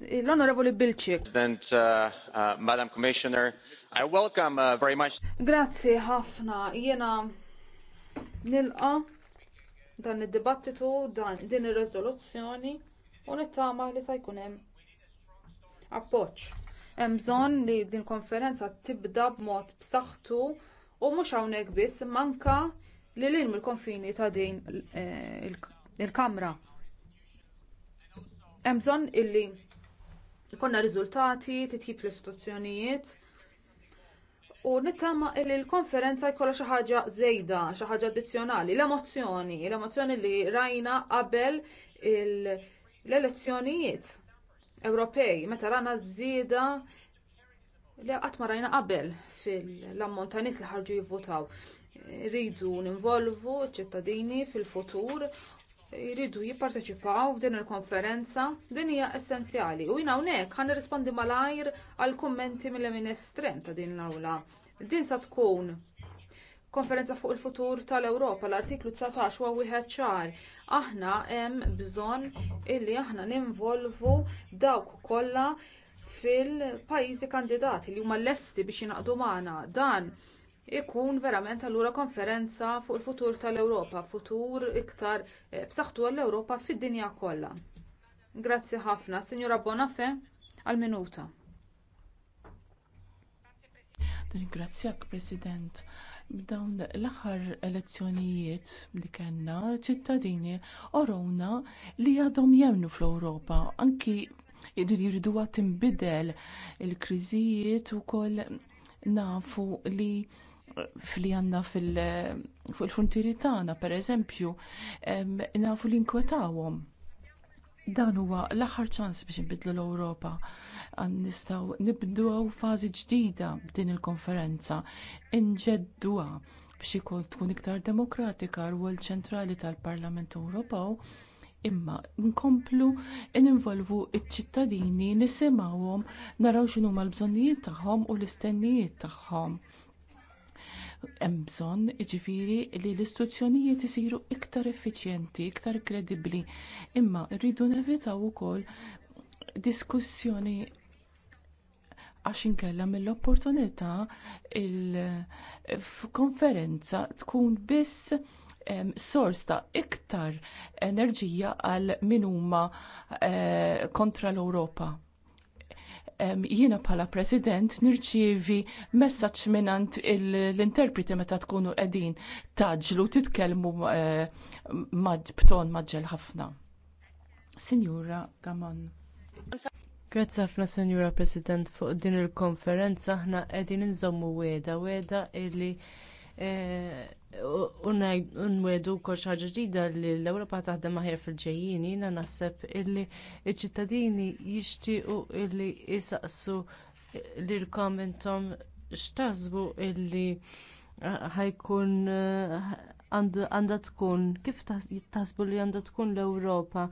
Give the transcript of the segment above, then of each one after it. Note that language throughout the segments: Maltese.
l-Onorevoli Bilċik. President, uh, uh, Madam Commissioner, I welcome uh, very much. Grazzi ħafna, jena nilqa dan id-dibattitu, din ir-riżoluzzjoni u nittama li se jkun hemm appoġġ. Hemm bżonn li din konferenza tibda b'mod b'saħħtu u mhux hawnhekk biss manka li lil mill-konfini ta' din eh, il-Kamra. Hemm bżonn illi Konna riżultati, titjib l-istituzzjonijiet. U nittama li l-konferenza jkollha xi ħaġa żejda, xi ħaġa addizzjonali, l-emozzjoni, l emozjoni li rajna qabel l-elezzjonijiet Ewropej, meta rana żieda li qatt ma rajna qabel fil-ammont ta' nies li ħarġu jivvotaw. Rridu ninvolvu ċ-ċittadini fil-futur jiridu jipparteċipaw f'din il-konferenza, din hija essenzjali. U jina hawnhekk għan nirrispondi malajr għal kummenti mill ministrem estrem ta' din l-awla. Din sa tkun konferenza fuq il-futur tal-Ewropa l-artiklu 19 huwa wieħed ċar. Aħna hemm bżonn illi aħna ninvolvu dawk kollha fil-pajjiżi kandidati li huma lesti biex jinaqdu magħna. Dan ikun verament allura konferenza fuq il-futur tal-Ewropa, futur iktar eh, b'saħħtu għall-Ewropa fid-dinja kollha. Grazzi ħafna, Sinjura Bonafè, għal-minuta. Grazzjak, President. B'dawn l-aħħar elezzjonijiet li kellna ċittadini orowna li għadhom jemnu fl-Ewropa, anki jiridu għat tinbidel il-kriżijiet ukoll nafu li Fli għanna fil frontiri tagħna, per eżempju, nafu li nkwetawhom. Dan huwa l-aħħar ċans biex nbidlu l-Ewropa. Nistgħu nibdew fażi ġdida b'din il-konferenza, inġedduha biex ikun tkun iktar demokratika rwol ċentrali tal-Parlament Ewropew imma nkomplu ninvolvu ċ ċittadini nisimgħuhom naraw x'inhuma l bżonnijiet tagħhom u l-istennijiet tagħhom. Hemm bżonn jiġifieri li l-istituzzjonijiet isiru iktar effiċjenti, iktar kredibbli, imma rridu nevitaw ukoll diskussjoni għax inkella mill-opportunità il-konferenza tkun biss sors ta' iktar enerġija għal min huma eh, kontra l-Ewropa jiena bħala president nirċievi messaġġ minant l-interpreti meta tkunu qegħdin taġlu titkellmu eh, b'ton maġġel ħafna. Sinjura Gamon. Grazzi ħafna Sinjura President fuq din il-konferenza aħna qegħdin inżommu weda weda illi eh, unwedu kol xaġa ġdida li l-Ewropa taħdem maħir fil ġejjini jina naħseb illi ċ ċittadini jixtiequ illi jisaqsu lilkomentom x'taħsbu illi eh, ħajkun eh, għandha tkun, kif taħsbu li għandha tkun l-Ewropa.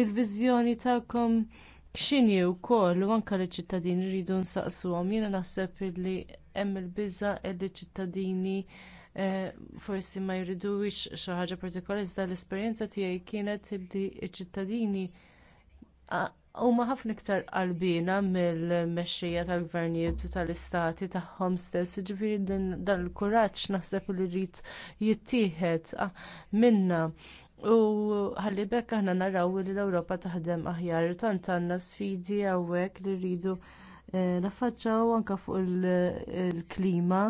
Il-viżjoni tagħkom x'inhi wkoll u anke liċ ċittadini rridu nsaqsuhom. Jiena naħseb illi hemm il-biża' illi ċittadini Eh, forsi ma jridux xi ħaġa partikolari iżda l-esperjenza tiegħi kienet li ċ-ċittadini huma ħafna iktar qalbina mill-mexxija tal-gvernijiet u tal-istati tagħhom stess, jiġifieri dan il-kuraġġ naħseb li rrid jittieħed minna. U ħalli bekk aħna naraw li l-Ewropa taħdem aħjar, tant għandna sfidi hawnhekk li rridu eh, naffaċċaw anke fuq il-klima. il klima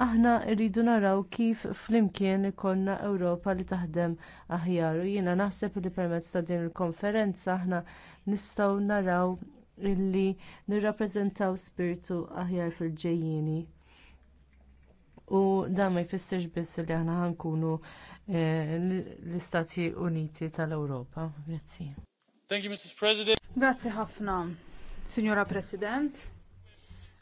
aħna rridu naraw kif flimkien ikollna Ewropa li taħdem aħjar u jiena naħseb li permezz ta' din il-konferenza aħna nistgħu naraw illi nirrappreżentaw spiritu aħjar fil-ġejjieni. U dan ma jfissirx biss li aħna ħankunu eh, l-Istati Uniti tal-Ewropa. Grazzi. Thank you, Mrs. President. Grazzi ħafna, Signora President.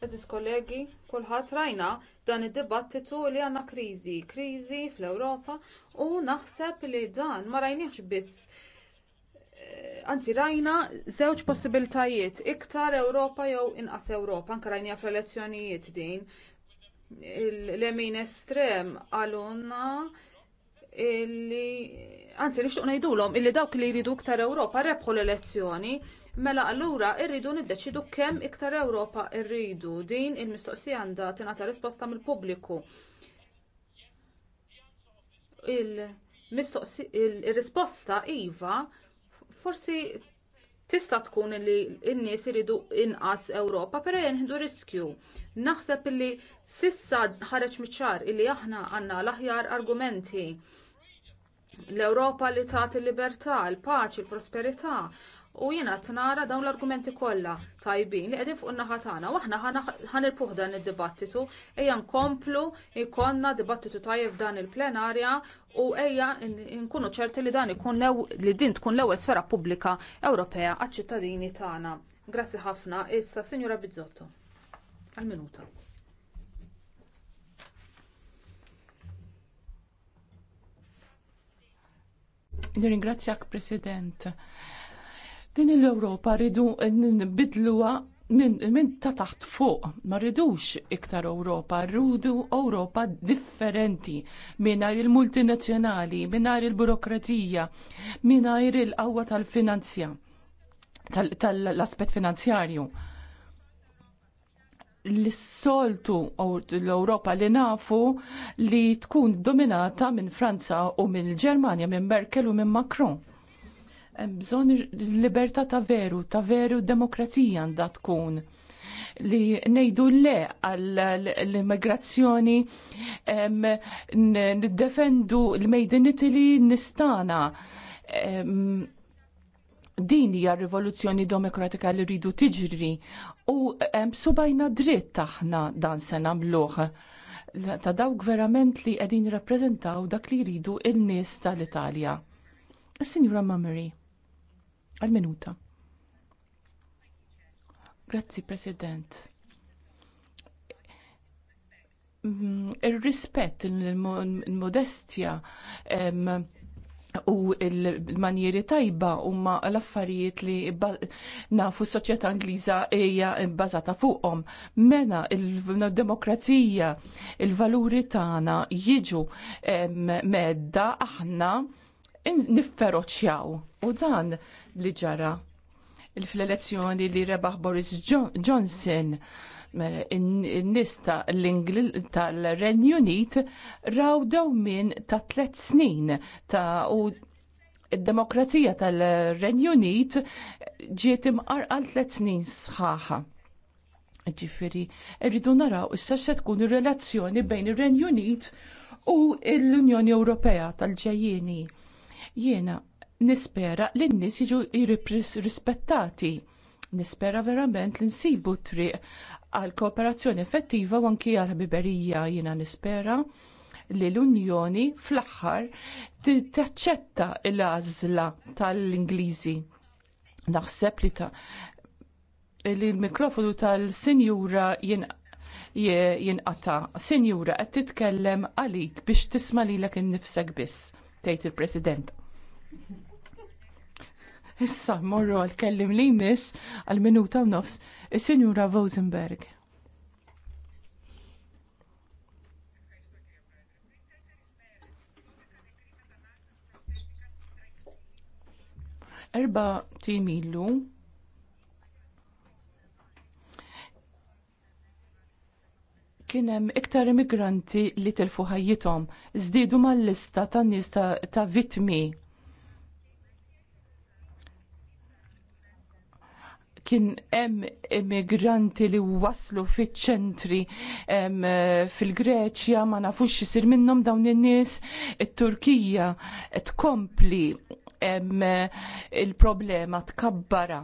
Eżis kollegi, kulħadd rajna dan id-dibattitu li għandna kriżi, kriżi fl-Ewropa u naħseb li dan ma rajniex biss eh, Anzi, rajna żewġ possibiltajiet, iktar Ewropa jew inqas Ewropa, anke rajnija fl-elezzjonijiet din. L-emin estrem għalunna illi, anzi, nixtuq ngħidulhom illi dawk li jridu iktar Ewropa rebħu l-elezzjoni, Mela allura rridu niddeċidu kemm iktar Ewropa rridu din il-mistoqsija għandha tingħata risposta mill-pubbliku. Il-risposta iva forsi tista' tkun li n-nies iridu inqas Ewropa, però jenħdu riskju. Naħseb li sissa ħareġ miċ-ċar illi aħna għandna l-aħjar argumenti. L-Ewropa li tagħti il-libertà, il-paċi, il-prosperità, U jiena t-nara dawn l-argumenti kollha tajbin li għedin fuq in-naħa tagħna u aħna ħan il dan id-dibattitu ejja nkomplu jkollna dibattitu tajjeb dan il-plenarja u ejja nkunu ċerti li dan ikun li din tkun l-ewwel sfera pubblika Ewropea għaċ-ċittadini tagħna. Grazzi ħafna issa Signora Bizzotto. Għal-minuta. Nirringrazzjak President. Din l-Ewropa rridu nbidluha minn min ta' taħt fuq, ma rridux iktar Ewropa, rridu Ewropa differenti, mingħajr il-multinazzjonali, mingħajr il-burokrazija, mingħajr il-qawwa tal-finanzja, tal-aspet tal finanzjarju. L-soltu l-Ewropa li nafu li tkun dominata minn Franza u minn Ġermanja, minn Merkel u minn Macron bżon libertà ta' veru, ta' veru demokrazija għandha tkun li nejdu le għall-immigrazzjoni niddefendu l-Made in Italy nistana. din hija rivoluzzjoni demokratika li rridu tiġri u subajna dritt taħna dan se nagħmluh ta' dawk verament li qegħdin jirrappreżentaw dak li jridu il-nies tal-Italja. Is-Sinjura Mamri. Għal-minuta. Grazzi, President. Mm, Ir-rispett, il-modestja u l-manjeri tajba huma l-affarijiet li nafu s-soċjetà Ingliża hija bbażata fuqhom. Mena il-demokrazija, il-valuri tagħna jiġu medda aħna nifferoċjaw u dan li ġara Il fl-elezzjoni li rebaħ Boris Johnson in-nies tal-Renju Unit raw minn ta' tliet snin ta' u id-demokrazija tal-Renju Unit ġiet għal tliet snin sħaħa. Ġifiri, rridu naraw issa se tkun ir-relazzjoni bejn ir-Renju Unit u l-Unjoni Ewropea tal-ġejjieni. Jiena nispera li n-nis jiġu rispettati. Nispera verament li nsibu triq għal kooperazzjoni effettiva u anki għal ħbiberija jina nispera li l-Unjoni fl-aħħar taċċetta l-għażla tal-Ingliżi. Naħseb li ta' li l-mikrofonu tal-Sinjura jinqata. Sinjura qed titkellem għalik biex tisma' lilek innifsek biss, tgħid il-President. Issa morru għal-kellim li jmiss għal-minuta u nofs il-Sinjura Vosenberg. Erba timilu kienem iktar immigranti li telfu ħajjithom, żdiedu mal-lista tan-nies ta' vittmi kien hemm immigranti li waslu fiċ-ċentri fil-Greċja ma nafux xisir minnhom dawn in-nies it-Turkija tkompli il-problema tkabbara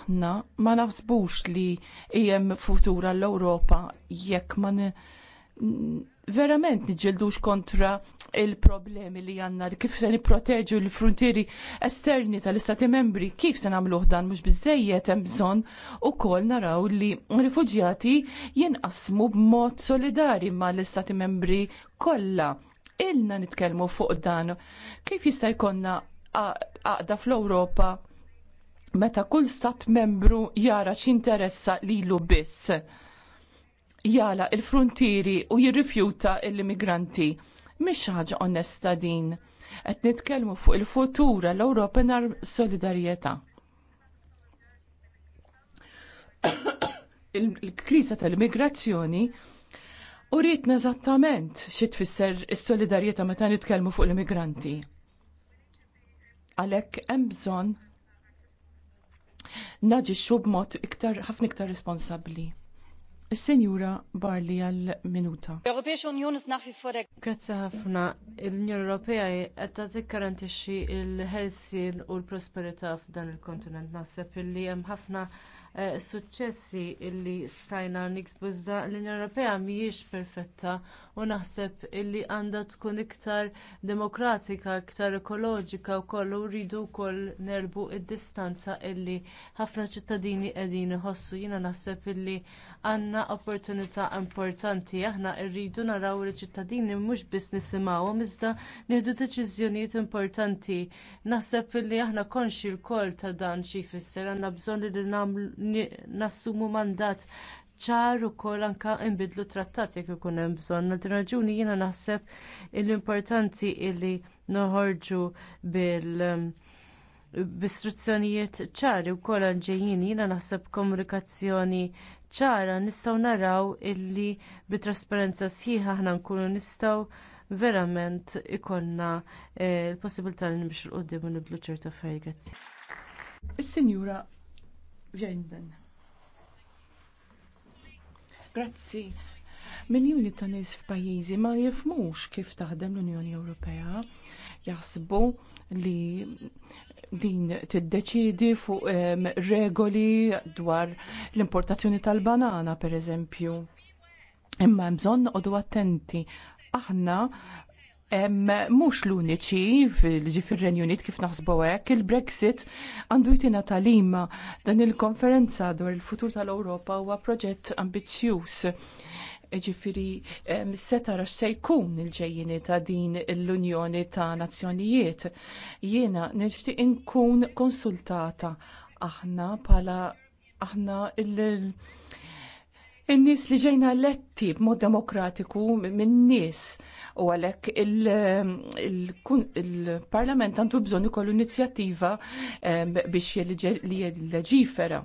aħna ma naħsbux li hemm futura l ewropa jekk ma verament niġġeldux kontra il-problemi li għanna, kif se niproteġu l-frontieri esterni tal-istati membri, kif se namluħ dan mux bizzejiet hemm bżonn ukoll naraw li rifuġjati jinqasmu b'mod solidari ma l-istati membri kollha. Ilna nitkellmu fuq dan. Kif jista' jkollna għaqda fl-Ewropa meta kull stat membru jara x'interessa lilu biss jala il-frontieri u jirrifjuta l-immigranti. Mhix ħaġa onesta din. Qed nitkellmu fuq il-futura l-Ewropa nar solidarjetà. Il-kriża tal-immigrazzjoni u rietna eżattament xi tfisser is-solidarjetà meta nitkellmu fuq l-immigranti. Għalhekk hemm bżonn naġixxu b'mod iktar ħafna iktar responsabbli. Senjura Barli għal minuta. Grazzi ħafna. L-Unjoni Ewropea qed tikkarantixxi l-ħelsien u l-prosperità f'dan il-kontinent. Naħseb illi hemm ħafna eh, suċċessi li stajna n-iksbuzda. l-Unjoni Ewropea mhijiex perfetta u naħseb illi għandha tkun iktar demokratika, iktar ekoloġika wkoll u rridu wkoll nerbu d distanza illi ħafna ċittadini qegħdin iħossu jiena naħseb illi għandna opportunità importanti aħna rridu naraw li ċittadini mhux biss nisimgħuhom iżda nieħdu deċiżjonijiet importanti. Naħseb illi aħna konxi l ta' dan xi jfisser għandna bżonn li nassumu mandat ċar ukoll anke nbidlu trattat jekk ikun hemm bżonn. Għal din raġuni jiena naħseb l-importanti li noħorġu bil um, b'istruzzjonijiet ċari wkoll għal ġejjin jiena naħseb komunikazzjoni ċara nistgħu naraw illi bit-trasparenza sħiħa aħna nkunu nistgħu verament ikollna eh, l-possibilità li nimxu l-qoddim u niblu ċertu affarijiet. Is-Sinjura Vjenden. Grazzi. Miljoni ta' nies f'pajjiżi ma jifmux kif taħdem l-Unjoni Ewropea. Jaħsbu li din tiddeċiedi fuq regoli dwar l-importazzjoni tal-banana, per eżempju. Imma bżonn noqogħdu attenti aħna Mux l-uniċi fil-ġifir Unit kif naħsbu hekk, il-Brexit għandu jtina talim dan il-konferenza dwar il-futur tal-Ewropa huwa proġett ambizzjuż. Ġifiri, seta rax sejkun jkun il-ġejjini ta' din l-Unjoni ta' Nazzjonijiet. Jiena nixtieq inkun konsultata aħna pala aħna il- in-nies li ġejna eletti b'mod demokratiku minn nies u għalhekk ehm, il-Parlament għandu bżonn ikollu inizjattiva ehm, biex li leġifera.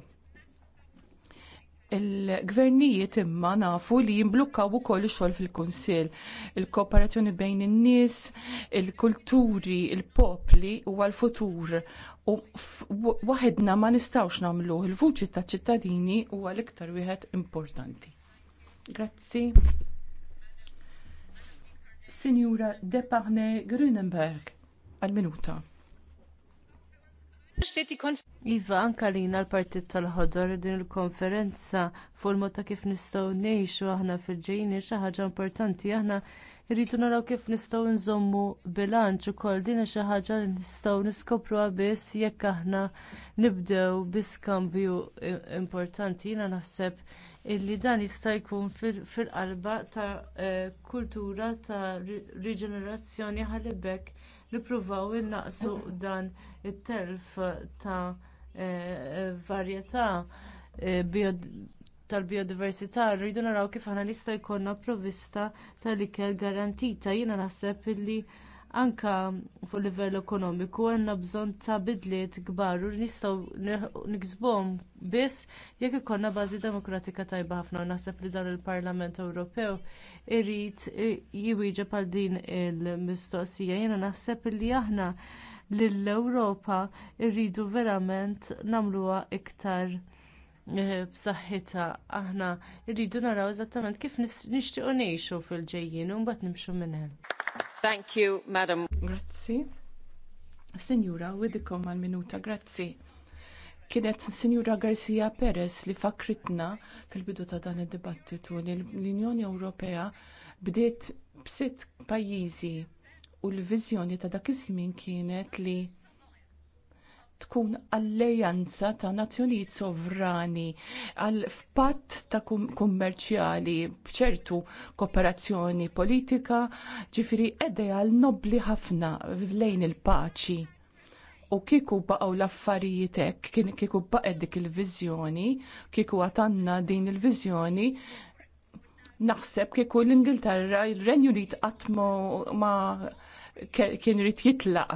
Il-gvernijiet imma nafu li jimblukkaw ukoll ix-xogħol fil-Kunsill, il-kooperazzjoni bejn in-nies, il-kulturi, il-popli huwa l-futur u waħedna ma nistawx namlu il-vuċi ta' ċittadini u għal-iktar wieħed importanti. Grazzi. Signora Deparne Grunenberg, għal-minuta. Iva, anka lina l-partit tal-ħodor din il-konferenza fuq mod ta' kif nistgħu ngħixu aħna fil-ġejni xi ħaġa importanti aħna Irridu naraw kif nistgħu nżommu bilanċ ukoll din xi ħaġa li nistgħu niskopruha biss jekk aħna nibdew bi skambju importanti jiena naħseb illi dan jista' jkun fil-qalba ta' eh, kultura ta' riġenerazzjoni ħalibek li pruvaw innaqsu dan it-telf ta' eh, varjetà eh, tal-biodiversità rridu naraw kif aħna nista' jkollna provvista tal-ikel garantita jiena naħseb illi anke fuq livell ekonomiku għandna bżonn ta' bidliet kbar u nistgħu niksbuhom biss jekk ikollna bażi demokratika tajba ħafna u naħseb li dan il-Parlament Ewropew irid jwieġeb għal din il-mistoqsija jiena naħseb illi aħna lill-Ewropa rridu verament nagħmluha iktar Eh, b'saħħitha aħna rridu naraw eżattament kif nixtiequ ngħixu fil-ġejjin u mbagħad nimxu minn hemm. Thank you, Madam. Grazzi. Sinjura, widikom għal minuta, grazzi. Kienet Sinjura Garcia Perez li fakritna fil-bidu ta' dan id-dibattitu li l-Unjoni Ewropea bdiet b'sitt pajjiżi u l-viżjoni ta' dak iż-żmien kienet li tkun alleanza ta' nazzjonijiet sovrani għal f'patt ta' kummerċjali b'ċertu kooperazzjoni politika ġifiri għal nobli ħafna lejn il-paċi. U kieku baqgħu l-affarijiet hekk, kieku baqgħet dik il-viżjoni, kieku għatanna din il-viżjoni, naħseb kieku l-Ingilterra, il-Renju Unit qatt ma kien rrit jitlaq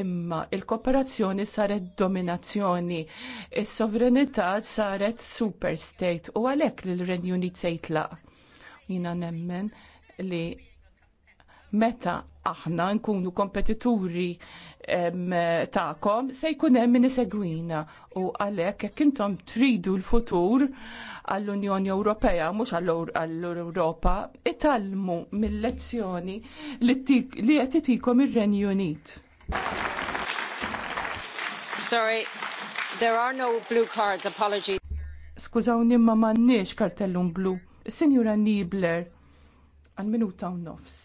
imma il-kooperazzjoni saret dominazzjoni, il sovranità saret super state u għalhekk li l-Renju Unit se Jina nemmen li meta aħna nkunu kompetituri ta'kom se jkun hemm min isegwina u għalhekk jekk intom tridu l-futur għall-Unjoni Ewropea mhux għall-Ewropa italmu mill-lezzjoni li qed itikom ir-Renju Unit. Sorry, there are no blue cards, apologies. Skużawni ma m'għandniex kartellum blu. Sinjura Nibler, għal minuta u nofs.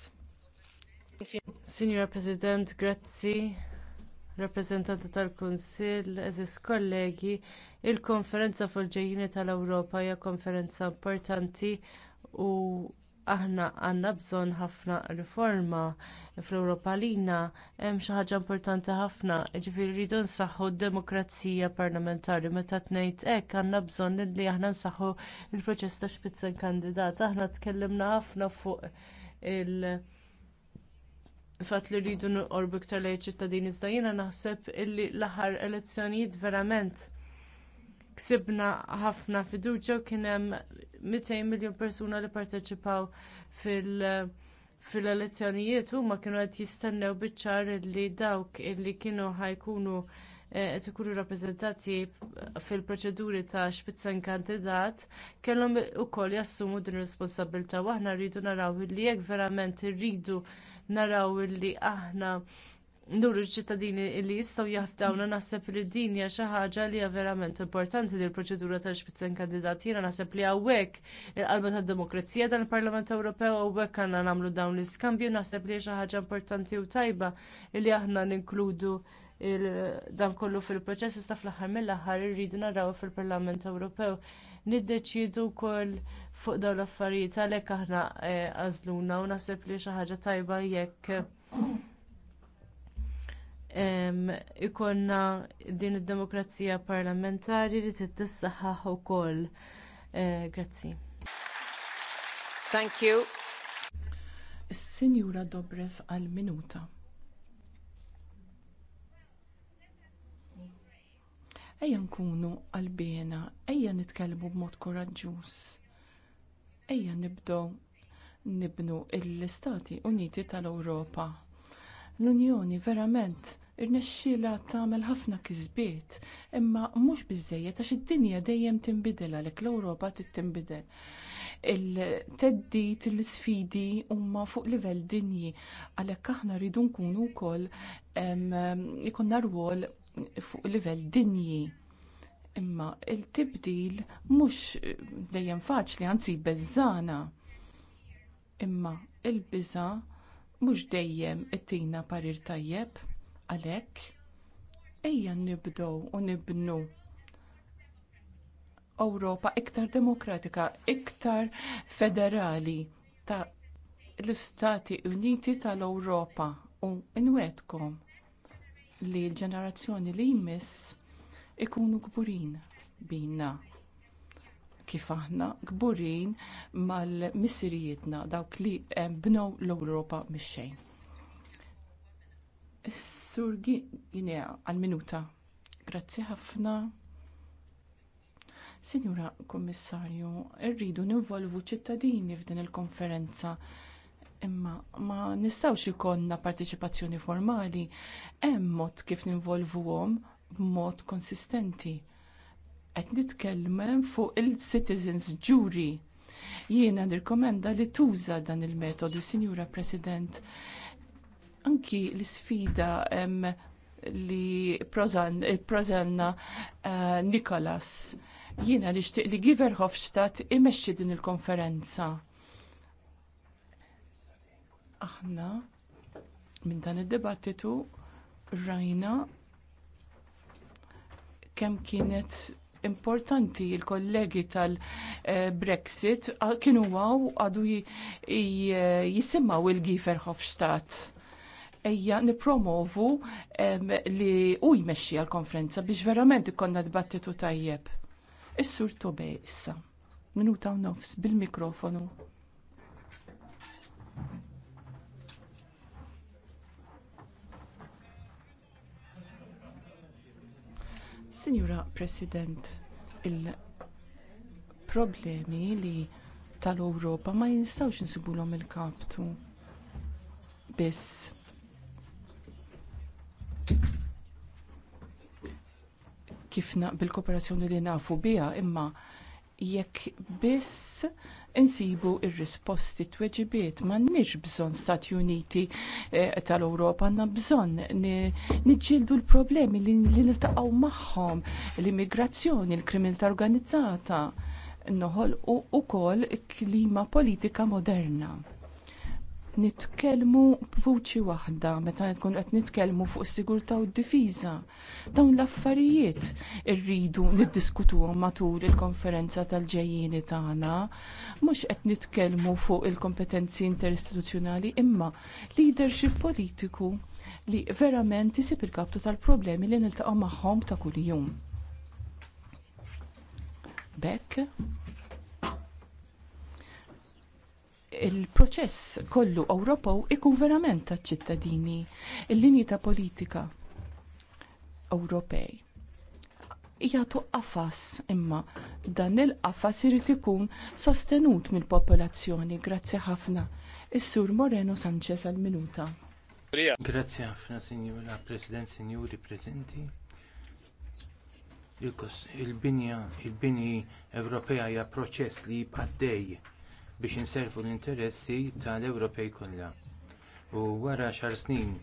Signor President, grazzi. Rappresentanti tal-Kunsill, eżis kollegi, il-konferenza fuq il-ġejjini tal-Ewropa hija konferenza importanti u aħna għandna bżonn ħafna riforma fl europa lina hemm xi ħaġa importanti ħafna, ġifieri rridu nsaħħu d-demokrazija parlamentari meta tnejt hekk għandna bżonn li aħna nsaħħu l proċess ta' xpitzen kandidat. Aħna tkellimna ħafna fuq il- fatt li rridu nqorbu iktar lejn ċittadini iżda jiena naħseb illi l-aħħar elezzjonijiet verament ksibna ħafna fiduċja u kien hemm 200 miljun persuna li parteċipaw fil-elezzjonijiet huma kienu qed jistennew biċ-ċar li dawk illi kienu ħajkunu eh, qed ikunu rappreżentati fil-proċeduri ta' xpizzan kandidat kellhom ukoll jassumu din ir-responsabilità u aħna rridu naraw li jekk verament irridu naraw illi aħna nuru ċittadini li jistgħu jaħdawna naħseb li din hija xi ħaġa li hija verament importanti dil proċedura tal-xbitzen kandidat jiena naħseb li hawnhekk il-qalba tad-demokrazija dan il-Parlament Ewropew hawnhekk għandna nagħmlu dawn l-iskambju naħseb li hija xi ħaġa importanti u tajba li aħna ninkludu dan kollu fil-proċess iżda fl-aħħar mill-aħħar irridu naraw fil-Parlament Ewropew niddeċiedu wkoll fuq dawn l-affarijiet għalhekk aħna eh, għażluna u naħseb li xi ħaġa tajba jekk ikollna din id-demokrazija parlamentari li titissaħħaħ ukoll. Eh, grazzi. Thank you. sinjura Dobrev għal minuta. Ejja nkunu qalbina, ejja nitkellmu b'mod koraġġuż. Ejja nibdow nibnu l-Istati Uniti tal-Ewropa. L-Unjoni verament irnexxila tagħmel ħafna kisbiet, imma mhux biżejjed għax id-dinja dejjem tinbidel għalhekk l-Ewropa trid tinbidel. Il-teddit, il isfidi huma fuq livell dinji għalhekk aħna rridu nkunu wkoll ikonna rwol fuq livell dinji. Imma il-tibdil mhux dejjem faċli anzi beżana. Imma il-biża mhux dejjem ittina parir tajjeb għalhekk ejja nibdow u nibnu Ewropa iktar demokratika, iktar federali ta' l-Istati Uniti tal-Ewropa u nwedkom li l-ġenerazzjoni li jmiss ikunu kburin bina kif aħna kburin mal-missirijietna dawk li eh, bnew l-Ewropa mix-xejn. Sur Ginea għal-minuta. Grazzi ħafna. Sinjura Kommissarju, rridu nivolvu ċittadini f'din il-konferenza Imma ma nistawx ikonna partiċipazzjoni formali, hemm mod kif ninvolvuhom b'mod konsistenti. Qed nitkellmem fuq il-citizens jury. Jiena nirkomenda li tuża dan il-metodu, Sinjura President. Anki l-sfida li prozanna eh, Nicholas Nikolas. Jiena nixtieq li Giver imexxi din il-konferenza Aħna minn dan id-dibattitu rajna kemm kienet importanti il-kollegi tal-Brexit kienu għaw għadu jisimaw il-Gifer Hofstadt. Ejja nipromovu li u jmexxi għal-konferenza biex verament ikonna dibattitu tajjeb. Is-sur Tobej issa. Minuta nofs bil-mikrofonu. Signora President, il-problemi li tal europa ma jinstawx nsibu insibulhom il-kaptu biss. Kifna bil-kooperazzjoni li nafu bija imma jekk biss insibu ir-risposti tweġibiet m'għandniex bżonn Stati Uniti eh, tal-Ewropa għandna bżonn niġġieldu l-problemi li niltaqgħu magħhom l-immigrazzjoni, l-kriminalità organizzata noħolqu wkoll klima politika moderna nitkellmu b'vuċi waħda meta tkun qed nitkellmu fuq is-sigurtà u d-difiża. Dawn l-affarijiet irridu niddiskutuhom matul il-konferenza tal-ġejjieni tagħna, mhux qed nitkellmu fuq il-kompetenzi interistituzzjonali imma leadership politiku li verament isib il-kaptu tal-problemi li niltaqgħu magħhom ta' kuljum. Bekk il-proċess kollu Ewropew ikun verament taċ ċittadini il-linji ta' politika Ewropej. Jagħtu qafas imma dan il-qafas irid ikun sostenut mill-popolazzjoni. Grazzi ħafna. Is-Sur Moreno Sanchez għall minuta Grazzi ħafna, Sinjura President, Sinjuri Prezenti il-binja, il-bini Ewropea hija proċess li jibqaddej biex inservu l-interessi tal-Ewropej kollha. U wara xar snin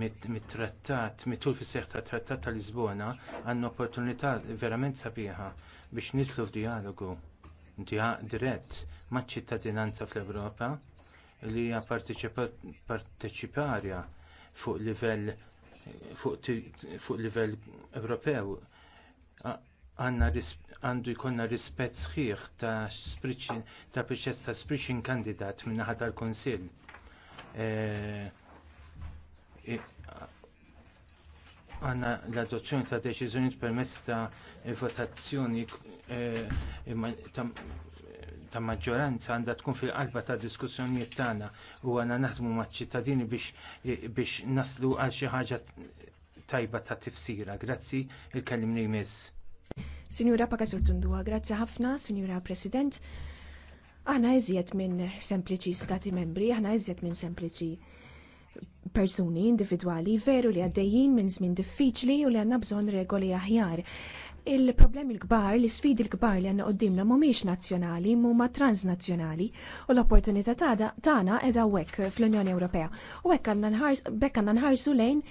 mit-trattat, mit-tul fis seħħ tat trattat ta' Lisbona, għandna opportunità verament sabiħa biex nitlu f'dialogu dirett maċ ċittadinanza fl-Ewropa li hija parteċiparja fuq livell fuq livell Ewropew għandu jkollna rispett sħiħ ta' spriċin ta' proċess ta' spriċin kandidat min-naħa tal-Kunsill. E, e, għanna l-adozzjoni ta' deċiżjonijiet permezz ta' votazzjoni e, ta' maġġoranza għandha tkun fil-qalba ta' diskussjonijiet tagħna u għandna naħdmu maċ-ċittadini biex naslu għal xi ħaġa tajba ta' tifsira. Grazzi il-kellimni jmiss. Sinjura Pakazur Tundua, grazzi ħafna, Sinjura President. Aħna iżjed minn sempliċi stati membri, aħna iżjed minn sempliċi persuni individwali veru li għaddejjin minn żmien diffiċli u li għandna bżonn regoli aħjar. Il-problemi l-kbar, l-sfidi l-kbar li għanna qoddimna mumiex nazzjonali, mumma transnazzjonali u l-opportunità tagħna edha wek fl-Unjoni Ewropea. U hekk għandna nħarsu lejn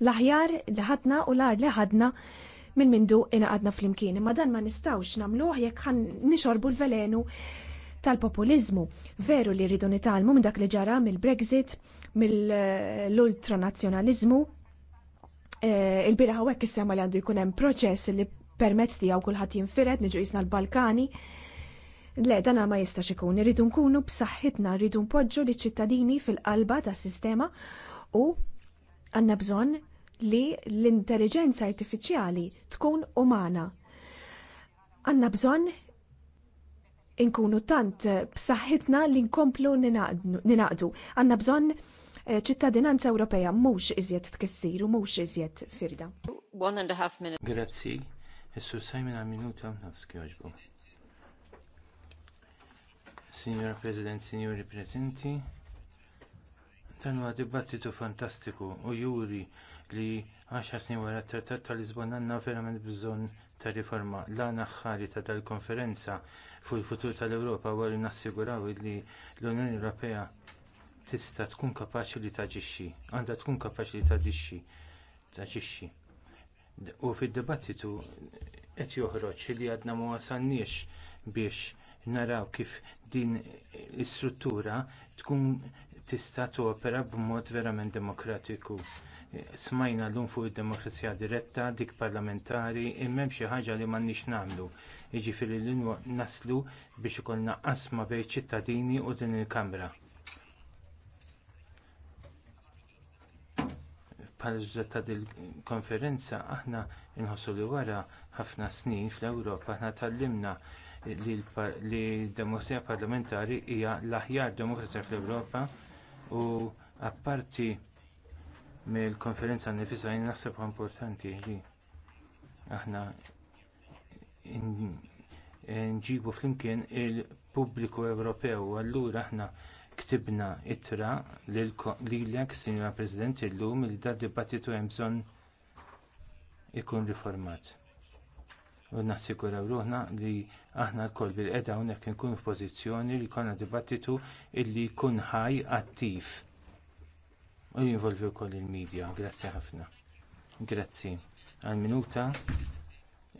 l-aħjar li ħadna u l-ar li ħadna minn mindu inaqadna fl-imkien. Imma dan ma nistawx namluħ jekk ħan nixorbu l-velenu tal-populizmu. Veru li rridu nitalmu minn dak li ġara mill-Brexit, mill ultranazjonalizmu eh, Il-biraħ għek s-sema li għandu jkunem proċess li permezz tijaw kullħat jinfiret, nġu jisna l-Balkani. Le, dana ma jistax ikun, rridu nkunu b'saħħitna, rridu npoġġu li ċittadini fil-qalba tas sistema u għanna bżonn li l-intelligenza artifiċjali tkun umana. Għanna bżon inkunu tant b'saħħitna li nkomplu ninaqdu. Għanna bżonn eh, ċittadinanza Ewropea mhux iżjed tkissir u mhux iżjed firda. One and a half minute. Grazzi. jessu sajmina minuta nafs Signora President, signori presenti, dan huwa dibattitu fantastiku u juri li 10 snin wara t trattat ta' lisbon għandna verament bżonn ta' riforma. L-għana ħari ta' dal-konferenza fuq il-futur tal-Ewropa huwa li nassiguraw li l-Unjoni Ewropea tista' tkun kapaċi li taġixxi, għandha tkun kapaċi li taġixxi, taġixxi. U fid-dibattitu qed joħroġ li għadna ma wasalniex biex naraw kif din l struttura tkun tista' topera b'mod verament demokratiku. Smajna llum fuq id-demokrazija diretta, dik parlamentari, imma xi ħaġa li m'għandniex nagħmlu. Jiġifieri li naslu biex ikollna qasma bejn ċittadini u din il-Kamra. bħal riżultat il-konferenza aħna nħossu li wara ħafna snin fl-Ewropa aħna tallimna li d demokrazija parlamentari hija l-aħjar demokrazija fl-Ewropa u apparti mill-konferenza nifisa jien naħseb importanti li aħna nġibu flimkien il-pubbliku Ewropew allura aħna ktibna ittra lilek, Sinjora President, illum li dal dibattitu hemm bżonn ikun riformat. U nassikuraw ruħna li aħna l bil-qeda hawnhekk nkunu f'pożizzjoni li jkollna dibattitu illi kun ħaj attiv. U jinvolvi wkoll il-medja. Grazzi ħafna. Grazzi. Għal minuta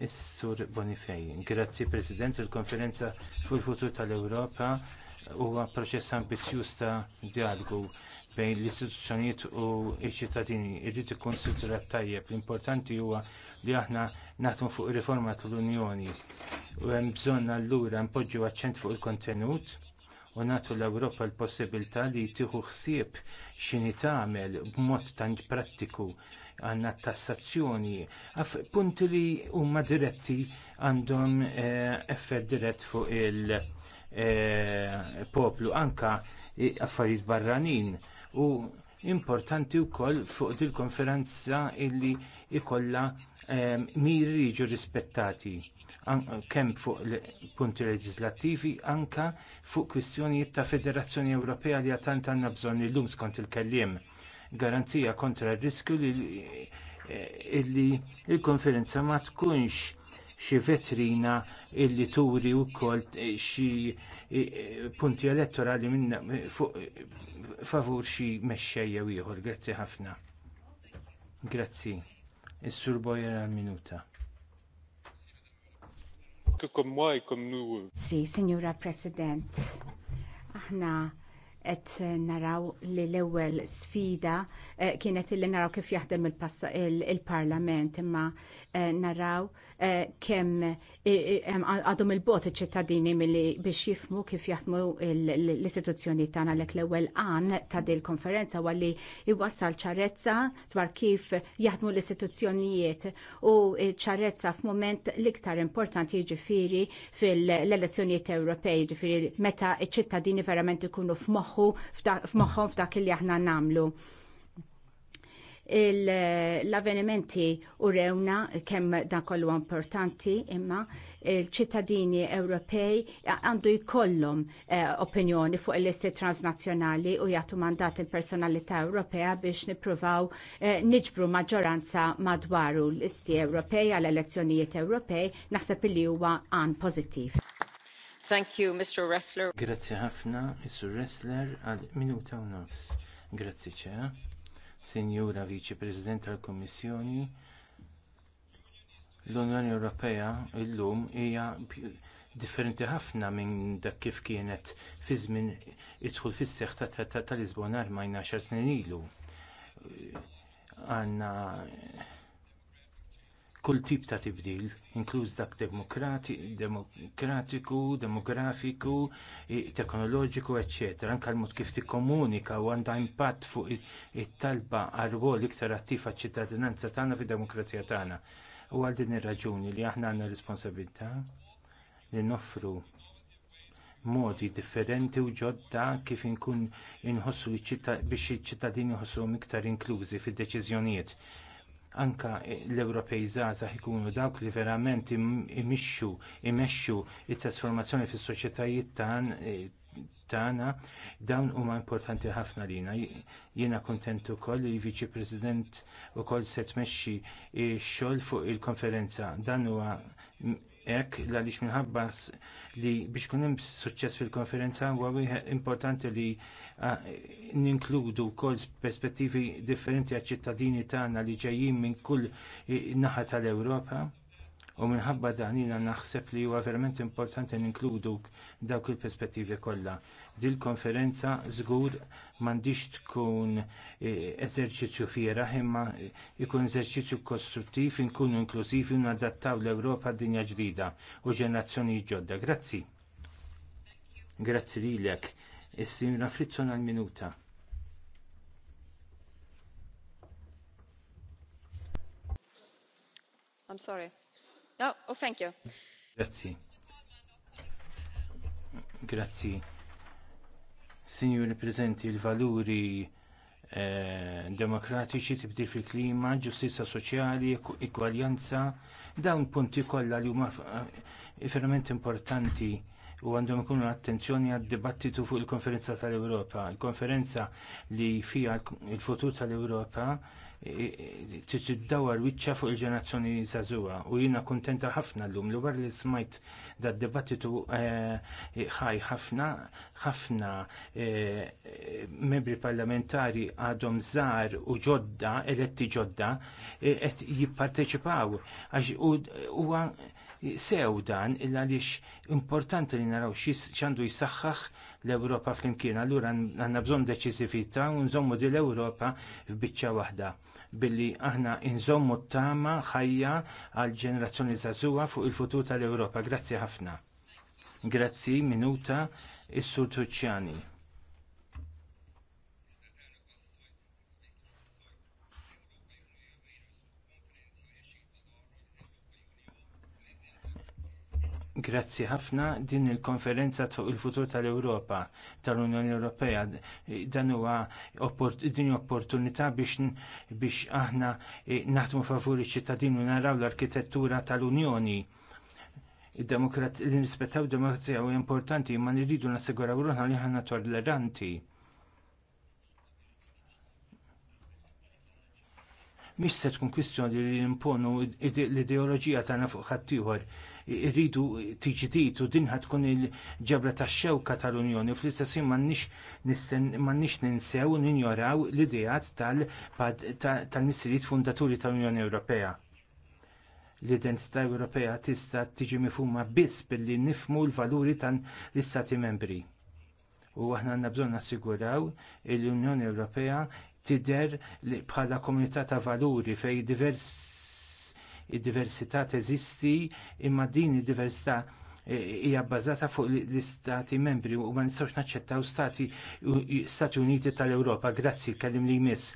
is-Sur Bonifej. Grazzi President il-Konferenza fuq il-Futur tal-Ewropa huwa proċess ambizzjuż ta' dialogu bejn l-istituzzjonijiet u ċ-ċittadini. Irrid ikun strutturat tajjeb. L-importanti huwa li aħna naħdmu fuq riforma tal-Unjoni. U hemm bżonn allura npoġġu aċċent fuq il-kontenut u nagħtu l-Ewropa l-possibilità li tieħu ħsieb x'inhi tagħmel b'mod tant prattiku għandna t tassazzjoni għaf punti li huma diretti għandhom eh, effett dirett fuq il-poplu eh, anke affarijiet barranin u importanti wkoll fuq dil konferenza illi ikolla ehm, miri jiġu rispettati kemm fuq punti leġislattivi anke fuq kwistjonijiet ta' Federazzjoni Ewropea li għatant għandna bżonn illum skont il-kelliem. Garanzija kontra r riskju li eh, l konferenza ma tkunx xi vetrina illi turi wkoll eh, xi eh, punti elettorali minna eh, favur xi mexxejja jħor. Grazzi ħafna. Grazzi. Is-Sur Bojer minuta. Euh. Si, Signora President, aħna qed naraw li l-ewwel sfida eh, kienet illi naraw kif jaħdem il-Parlament imma eh, naraw eh, kemm għadhom il-bot iċ-ċittadini milli biex jifmu kif jaħdmu l-istituzzjoni tagħna lek l-ewwel qan ta' din il konferenza walli jwassal ċarezza dwar kif jaħdmu l-istituzzjonijiet u ċarezza f'mument l-iktar importanti jiġifieri fil-elezzjonijiet Ewropej, jiġifieri meta ċ-ċittadini verament ikunu f'moħħ jitneħħu f'moħħhom f'dak li aħna nagħmlu eh, l-avvenimenti u rewna kemm dan kollu importanti imma il-ċittadini Ewropej għandu jkollhom eh, opinjoni fuq il-listi transnazzjonali u jagħtu mandat il-personalità Ewropea biex nippruvaw eh, niġbru maġġoranza madwaru l-listi Ewropej għal elezzjonijiet Ewropej naħseb li huwa għan pożittiv. Thank you, Mr. Wrestler. Grazzi ħafna, Mr. Wrestler, għal minuta u nofs. Grazzi ċe, Signora Viċi President tal-Kommissjoni, l-Unjoni Ewropea illum hija differenti ħafna minn dak kif kienet fi żmien idħol fis-seħħ ta' Lisbona armajna xar snin ilu. Għanna kull tip ta' tibdil, inkluż dak demokrati, demokratiku, demografiku, teknoloġiku, ecc. Anke l-mod kif tikkomunika u għandha impatt fuq it-talba għal rwol iktar attiv ċittadinanza tagħna fid-demokrazija tagħna. U għal din ir-raġuni li aħna għandna responsabilità li noffru modi differenti u ġodda kif inkun inħossu biex iċ-ċittadini jħossuhom iktar inklużi fid-deċiżjonijiet anka l-Ewropej żgħażagħ ikunu dawk li verament imixxu imexxu t trasformazzjoni fis-soċjetajiet eh, tagħna dawn huma importanti ħafna lina. Jiena kuntent ukoll li l-Viċi President ukoll se tmexxi x-xogħol fuq il-konferenza. Dan huwa hekk għaliex minħabba li biex kun hemm suċċess fil-konferenza huwa importanti li ninkludu kol perspettivi differenti għaċ-ċittadini tagħna li ġejjin minn kull naħa tal-Ewropa. U minħabba dan jiena naħseb li huwa verament importanti ninkludu dawk il-perspettivi kollha. Dil konferenza żgur m'għandix tkun eh, eżerċizzju fiera imma ikun eżerċizzju kostruttiv, inkunu inklużivi u nadattaw l-Ewropa dinja ġdida u ġenerazzjoni ġodda. Grazzi. Grazzi lilek. Issim rafrizzon għal-minuta. I'm sorry. No, oh, thank you. Grazzi. Grazzi. Sinjuri prezenti l-valuri eh, demokratiċi tibdi fil-klima, ġustizza soċjali, igwaljanza. dawn punti kollha li huma eh, verament importanti u għandhom ikunu attenzjoni għad dibattitu fuq il-konferenza tal-Ewropa. Il-konferenza li fija il-futur tal-Ewropa e, e, tiddawar wiċċa fuq il-ġenerazzjoni zazuwa u jiena kuntenta ħafna llum li war li smajt dad dibattitu e, ħaj ħafna ħafna membri parlamentari għadhom żgħar u ġodda eletti ġodda qed jipparteċipaw u huwa sew dan illa għaliex importanti li naraw x'għandu jisaxħax l-Ewropa flimkien. Allura għandna bżonn deċiżività u nżommu din l-Ewropa f'biċċa waħda billi aħna nżommu t-tama ħajja għal ġenerazzjoni zazuwa fuq il-futur tal-Ewropa. Grazzi ħafna. Grazzi minuta is-Sur Tuċċjani. Grazzi ħafna din il-konferenza fuq il-futur tal-Ewropa tal-Unjoni Ewropea dan huwa din opportunità biex biex aħna e, naħdmu favur iċ-ċittadin u naraw l-arkitettura tal-Unjoni. L-rispettaw demokrazija u importanti ma nirridu nassiguraw ruħna li ħanna tolleranti. Mhix se tkun kwistjoni li nimponu l-ideoloġija tagħna fuq ħaddieħor irridu tiġi titu din tkun il-ġebra tax xewka tal-Unjoni fl-istess mannix ninsew ninjoraw l-idejat tal-missiriet fundaturi tal-Unjoni Ewropea. L-identità Ewropea tista' tiġi mifhuma biss billi nifmu l-valuri tal-Istati membri. U aħna għandna bżonn nassiguraw l-Unjoni Ewropea tidher bħala komunità ta' valuri fejn diversi id-diversità teżisti imma din id-diversità eh, hija bbażata fuq l-istati membri u ma nistgħux naċċettaw stati Stati Uniti tal-Ewropa. Grazzi, kellim li jmiss.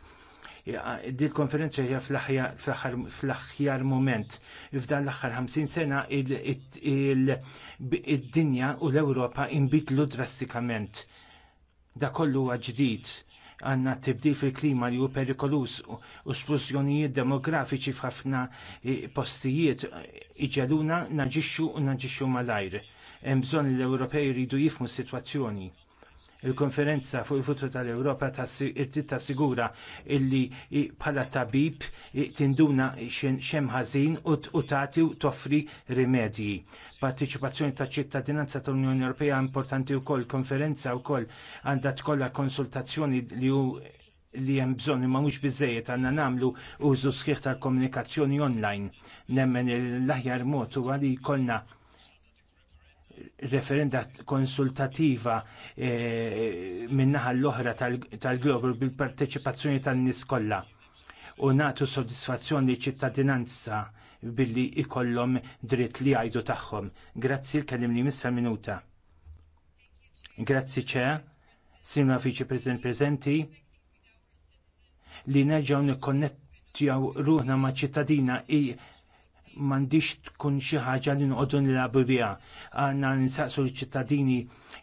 Dil konferenza hija fl-aħjar moment. F'dan l-aħħar 50 sena id-dinja u l-Ewropa inbidlu drastikament. Da kollu huwa ġdid għanna tibdil fil-klima li hu perikolus u splużjonijiet demografiċi f'ħafna eh, postijiet iġeluna naġixxu u naġixxu malajr. Hemm bżonn li l-Ewropej jridu jifmu s-sitwazzjoni il-konferenza fuq il-futru tal-Europa irrid tassigura illi bħala tabib tinduna xem ħażin u tagħti u toffri rimedji. Partiċipazzjoni ta' ċittadinanza tal-Unjoni Ewropea importanti wkoll konferenza wkoll għandha tkollha konsultazzjoni li hu li hemm bżonn imma mhux biżejjed għandna nagħmlu użu sħiħ tal-komunikazzjoni online. Nemmen l-aħjar mod huwa li jkollna referenda konsultativa eh, min-naħa l-oħra tal-globu tal global tal bil tan-nies kollha u nagħtu sodisfazzjoni ċittadinanza billi ikollhom dritt li jgħidu tagħhom. Grazzi l-kellimni missa minuta. Grazzi ċe, Sinna Viċi President prezenti li nerġgħu nikkonnettjaw ruħna ma' ċittadina i mandiċ tkun xi ħaġa li nqogħdu nilagħbu biha. Għanna nsaqsu l-ċittadini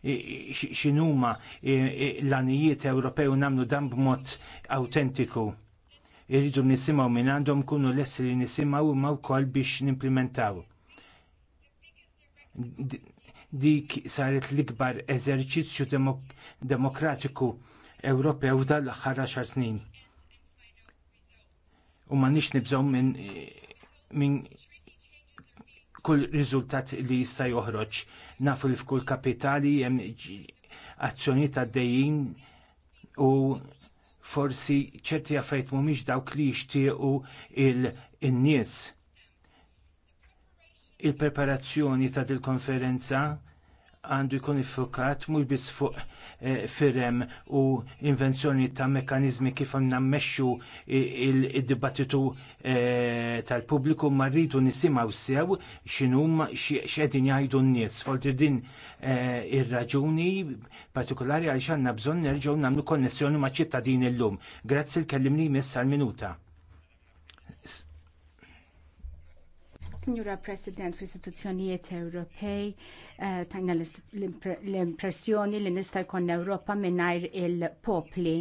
x'inhuma l-anijiet Ewropew nagħmlu dan b'mod autentiku. Irridu nisimgħu minn għandhom kunu l-essi li nisimgħu imma wkoll biex nimplementaw. Dik saret l-ikbar eżerċizzju demokratiku Ewropew dal-aħħar 10 snin. U ma nix nibżgħu minn minn kull riżultat li jista' joħroġ. Nafu li f'kull kapitali hemm ta' dejjin u forsi ċerti affarijiet mhumiex dawk li jixtiequ il-nies. Il-preparazzjoni ta' dil-konferenza għandu jkun iffokat mhux biss fuq e, firem u invenzjoni ta' mekkaniżmi kif nammexxu il-dibattitu e, tal-pubbliku ma rridu nisimgħu sew x'inhu x'qegħdin jgħidu n-nies. Folti din e, ir-raġuni partikolari għaliex għandna bżonn nerġgħu nagħmlu konnessjoni maċ ċittadini llum. Grazzi l-kellimni miss għal-minuta. Signora President, fl-istituzzjonijiet Ewropej, eh, tajna l-impressjoni li nista' jkun Ewropa mingħajr il-popli.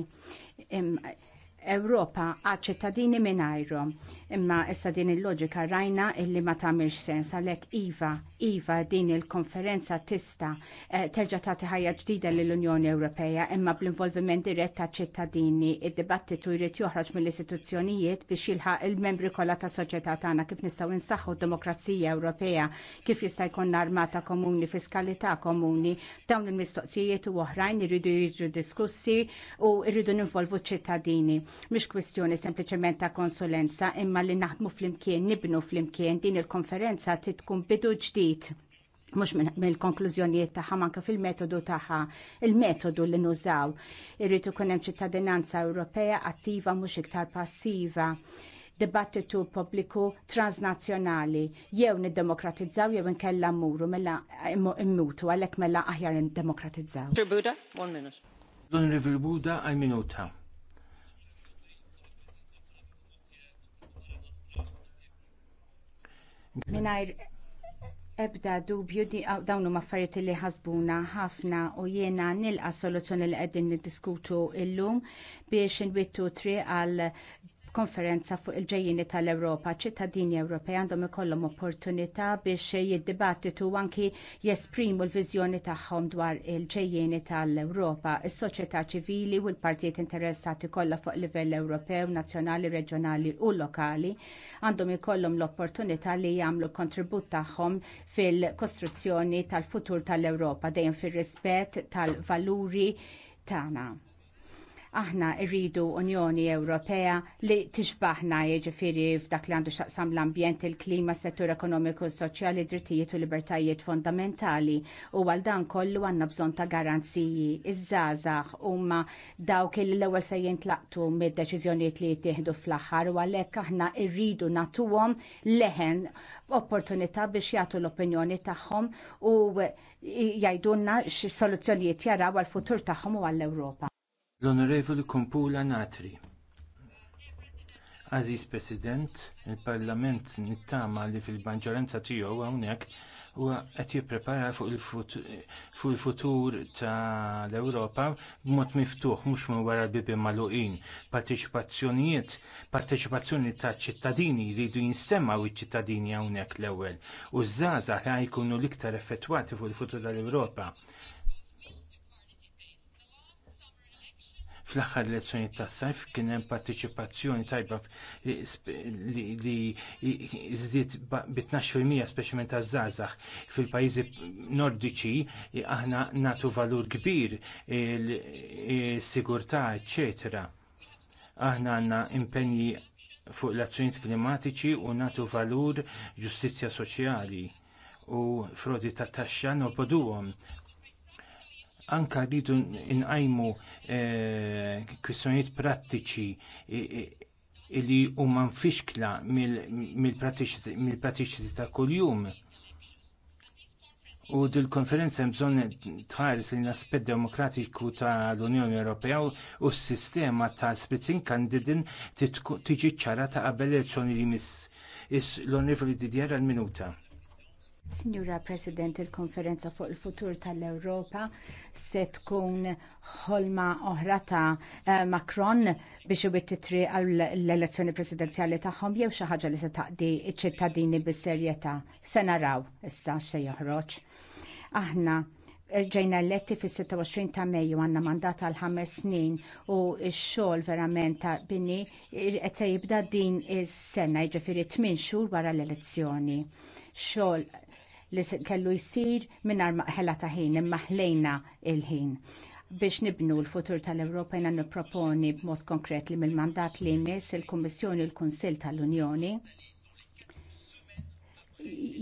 Ewropa għad ċittadini mingħajrhom. Imma issa din il-loġika rajna illi ma tagħmilx sens għalhekk iva, iva din il-konferenza tista eh, terġa' tagħti ħajja ġdida lill-Unjoni Ewropea imma bl-involviment dirett taċ ċittadini id-dibattitu jrid joħroġ mill-istituzzjonijiet biex jilħaq il-membri kollha tas soċjetà tagħna kif nistgħu nsaħħu d-demokrazija Ewropea, kif jista' jkun armata komuni, fiskalità komuni, dawn il-mistoqsijiet u oħrajn irridu jiġu diskussi u irridu ninvolvu ċittadini. Mhix kwestjoni sempliċement ta' konsulenza imma imma li naħdmu flimkien, nibnu flimkien din il-konferenza titkun bidu ġdid mux mill-konklużjonijiet tagħha manka fil-metodu tagħha, il-metodu li nużaw. Irrid ikun hemm ċittadinanza Ewropea attiva mhux iktar passiva dibattitu pubbliku transnazzjonali jew niddemokratizzaw jew nkella mmuru mela immutu għalhekk mela aħjar niddemokratizzaw. Buda, one minute. Don River Buda għal minuta. Minajr ebda dubju di dawnu maffariet li ħazbuna ħafna u jiena nilqa soluzzjoni li qegħdin niddiskutu illum biex nwittu tri għal konferenza fuq il-ġejjini tal-Ewropa, ċittadini Ewropej għandhom ikollhom opportunità biex jiddibattitu anki jesprimu l-viżjoni tagħhom dwar il-ġejjini tal-Ewropa. Is-soċjetà ċivili u l-partijiet interessati kollha fuq livell Ewropew, nazzjonali, reġjonali u lokali għandhom ikollhom l-opportunità li jagħmlu kontribut tagħhom fil-kostruzzjoni tal-futur tal-Ewropa dejjem fir-rispett tal-valuri tagħna Aħna rridu Unjoni Ewropea li tixbaħna jiġifieri f'dak li għandu xaqsam l-ambjent, il-klima, settur ekonomiku, soċjali, drittijiet u libertajiet fondamentali u għal dan kollu għandna bżonn ta' garanziji. iż u huma dawk li l-ewwel se jintlaqtu mid-deċiżjonijiet li jittieħdu fl-aħħar u għalhekk aħna rridu nagħtuhom leħen opportunità biex jagħtu l-opinjoni tagħhom u jgħidulna x-soluzzjonijiet jaraw għal-futur tagħhom u għall-Ewropa l-Onorevoli Kompula Natri. Aziz President, il-Parlament nittama li fil-maġġoranza tiegħu hawnhekk huwa qed jipprepara fuq il-futur tal ewropa b'mod miftuħ mhux minn wara l-bibi magħluqin. Parteċipazzjonijiet, parteċipazzjoni ta' ċittadini jridu jinstemmaw iċ-ċittadini hawnhekk l-ewwel u żgħażagħ ħajkunu l-iktar effettwati fuq il-futur tal-Ewropa Fl-aħħar elezzjoni tas-sajf kien hemm partiċipazzjoni tajba li żdied bi 12% speċjalment taż-żgħażagħ fil-pajjiżi nordiċi aħna natu valur kbir il-sigurtà, eċċetera. Aħna għandna impenji fuq l-azzjonijiet klimatiċi u nagħtu valur ġustizzja soċjali u frodi ta' taxxa noboduhom anka rridu nqajmu eh, kwistjonijiet prattiċi li huma nfixkla mill-prattiċi ta' kuljum. U dil-konferenza bżonn tħares li l-aspett demokratiku tal unjoni Ewropea u s-sistema ta' spritzin kandidin tiġi ċara ta' qabel elezzjoni li miss l-onrifoli Didjar għal-minuta. Signora President, il-konferenza fuq il-futur tal-Europa se tkun ħolma oħra ta' eh, Macron biex u bittitri għall-elezzjoni presidenzjali tagħhom jew xi ħaġa li se taqdi iċ-ċittadini bis-serjetà. Se naraw issa se joħroġ. Aħna ġejna eletti fis-26 ta' Mejju għandna mandat għal ħames snin u x-xogħol verament ta' bini qed jibda din is-sena jiġifieri tmien xhur wara l-elezzjoni. Xogħol li kellu jisir mingħajr maqħela ta' ħin imma ħlejna il-ħin biex nibnu l-futur tal-Ewropa jena nipproponi b'mod konkret li mill-mandat li jmiss il-Kummissjoni l-Kunsil tal-Unjoni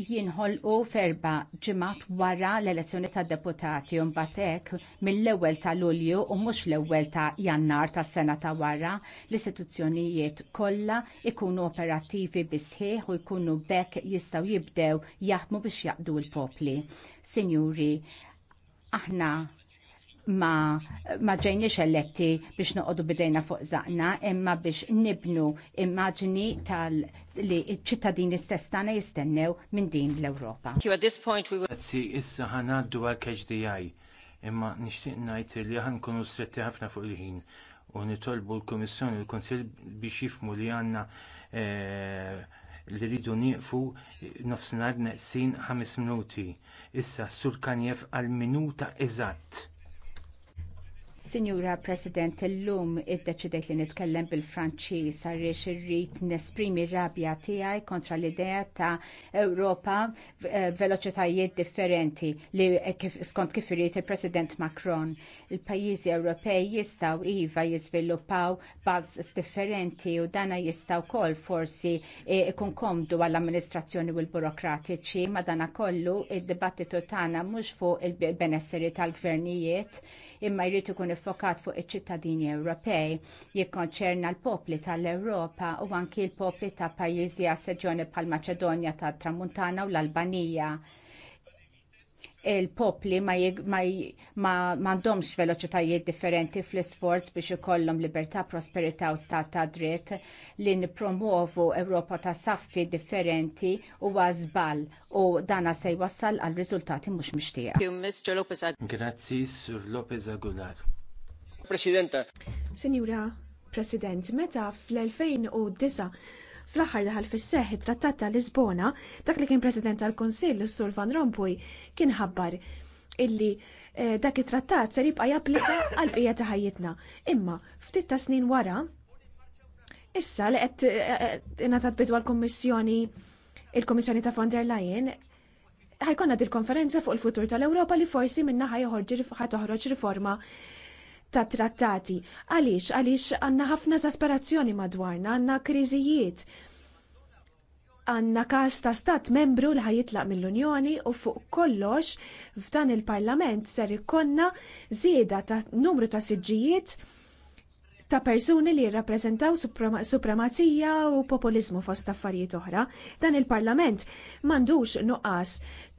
jinħolqu ferba ġimat wara l-elezzjoni tad deputati un mbagħad hekk mill-ewwel ta' Lulju u mhux l-ewwel ta' Jannar tas-sena ta' wara l-istituzzjonijiet kollha ikunu operattivi bisħiħ u jkunu bekk jistgħu jibdew jaħdmu biex jaqdu l-popli. Sinjuri, aħna ma, ma ġejniex eletti biex noqogħdu bidejna fuq zaqna, imma biex nibnu immaġni tal li ċ-ċittadini stess tagħna jistennew minn din l-Ewropa. Grazzi, issa ħanaddu għal KHDI, imma nixtieq ngħid li ħankunu stretti ħafna fuq il-ħin u nitolbu l-Komissjoni u l-Konsil biex jifmu li għandna eh, li rridu nieqfu nofsinhar neqsin ħames minuti. Issa sur kanjef għal minuta eżatt. Signora President, l-lum id-deċidejt li nitkellem bil-Franċis għarriex irrid nesprimi rabja tiegħi kontra l-idea ta' Ewropa eh, veloċitajiet differenti li skont kif irrit il-President Macron. Il-pajjiżi Ewropej jistgħu iva jiżviluppaw bażs differenti u dana jistgħu wkoll forsi eh, ikun komdu għall-amministrazzjoni u l-burokratiċi ma dana kollu id-dibattitu tagħna mhux fuq il-benesseri tal-gvernijiet imma jrid ikun iffokat fuq iċ-ċittadini Ewropej jikkonċerna l-popli tal-Ewropa u anki l-popli ta' pajjiżi għas-seġjoni bħal Maċedonja tat Tramuntana u l-Albanija il-popli ma, għandhomx veloċitajiet differenti fl-isforz biex ikollhom libertà, prosperità u stat ta' dritt li nippromuovu Ewropa ta' saffi differenti u għazbal u dana se jwassal għal riżultati mhux mixtieqa. Grazzi, Sur Lopez Aguilar. Presidenta. Sinjura President, meta fl-2009 fl-aħħar daħal fis seħħ it-Trattat ta' Lisbona, dak li kien President tal-Kunsill is-Sur Van Rompuy kien ħabbar illi eh, dak it-trattat ser jibqa' japplika għal bqija ta' ħajjitna. Imma ftit ta' snin wara, issa li qed eh, eh, ingħatat bidwa l-Kummissjoni il-Kummissjoni ta' von der Leyen ħajkonna dil-konferenza fuq il-futur tal-Ewropa li forsi minna ħajħorġi ħatoħroġ riforma ta' trattati. Għaliex, għaliex għanna ħafna zasperazzjoni madwarna, għanna kriżijiet. Għanna kas ta' stat membru li ħajitlaq mill-Unjoni u fuq kollox f'dan il-Parlament ser ikkonna zieda ta' numru ta' siġġijiet ta' persuni li jirrappreżentaw supremazija u populizmu fost affarijiet oħra, dan il-Parlament mandux nuqqas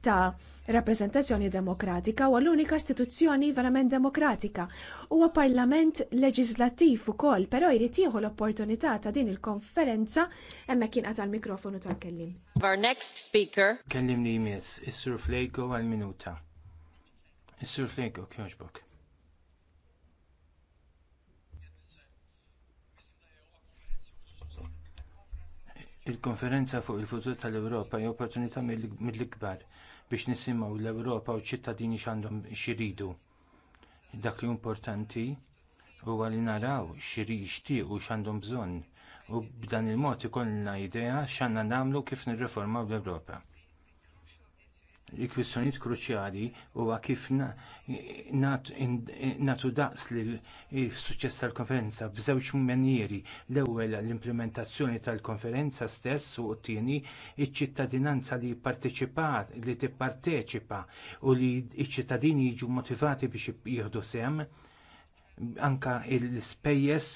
ta' rappreżentazzjoni demokratika u l-unika istituzzjoni verament demokratika. Huwa Parlament leġislattiv ukoll, però jrid jieħu l-opportunità ta' din il-konferenza hemmhekk kien għata l-mikrofonu ta' kellim Our next speaker. Kellim li jmiss, is-Sur Flejko għal-minuta. Is-Sur Flejko, kjoġbok. Il-konferenza fuq il-futur tal-Ewropa hija opportunità mill-ikbar biex nisimgħu l-Ewropa u ċ-ċittadini x'għandhom xiridu. Dak li importanti huwa li naraw xiri jixtiequ x'għandhom bżonn u b'dan il-mod ikollna idea x'għandna nagħmlu kif nirreformaw l-Ewropa il-kwistjoniet kruċjali huwa kif natu daqs li l-suċċess tal-konferenza b'żewġ manjieri l-ewwel l-implementazzjoni tal-konferenza stess u t-tieni iċ-ċittadinanza li jipparteċipat li tipparteċipa u li ċ-ċittadini jiġu motivati biex jieħdu sehem anka l-ispejjeż